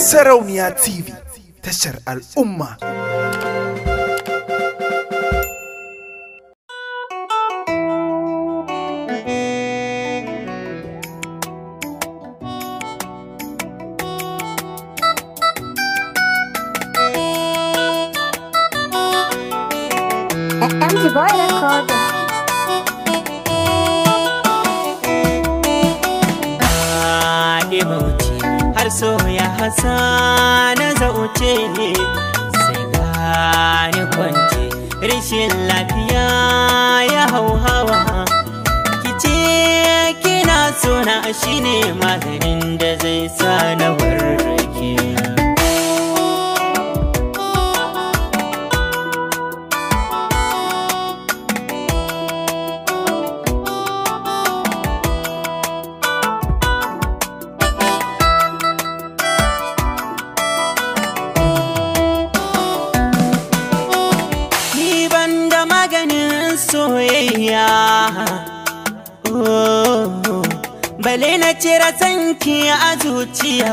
Sarauniya TV tashar al Umma Boy Recording. Ah, hasa hasana zauce sai ni kwance rishin lafiya ya hau hawa kice kina suna shine maganin soyayya oh, bale na cira sanki a zuciya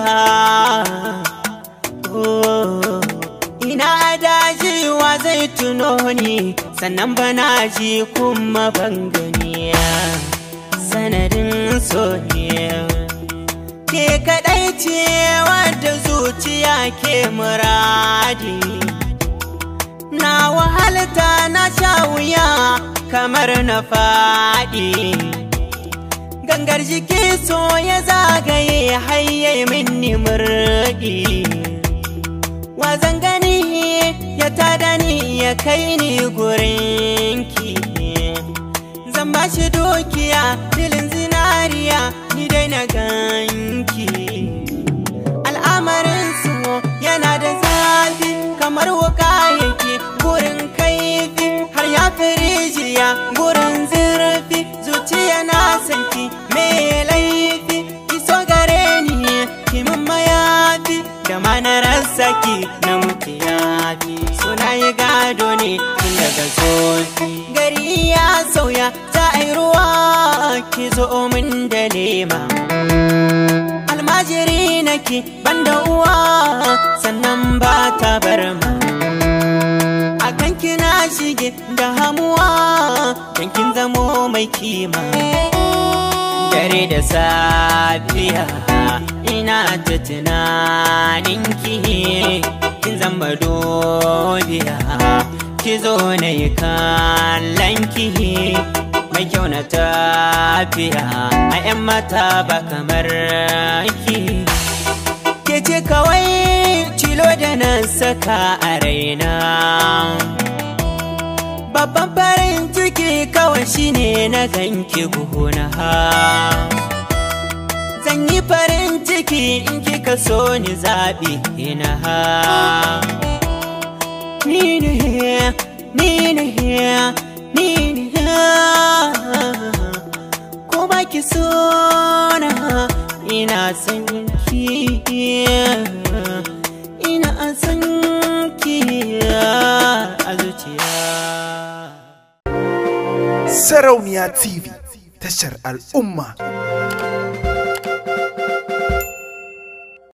oh, ina dajiwa zai tuno ni sannan bana ji kuma ban gani sanadin soyayya ke kaɗai ce wadda zuciya ke muradi na wahalta na sha wuya kamar na faɗi gangar jiki so ya zagaye hayye minni murɗi wazan gani ya tada ni ya kai ni gurinki zan ba shi dukiya filin zinariya ni dai na ganki al'amarin su yana da zafi kamar wa zuciya gurin zurfi zuciya na sanki me laifi ki so gare ni ki mamma fi da mana saki na muke fi suna yi gado ne tun daga zofi gari ya sauya za a yi ruwa ki zo min da nema almajiri nake banda uwa sannan ba ta bar ma akan kina shige da hamuwa don kin zamo mai kima dare da safiya ina ta tunaninki kin zama dodiya ki zo na yi kallonki mai kyau na tafiya a 'yan mata ba kamar ki ce kawai cilo da nan saka a raina babban farin ciki kawai shine na ganki gona zan yi farin ciki in kika so ni zaɓi ina ha ni ne ni ne ni kuma ki so san a zuciya sarauniya tv tashar al'umma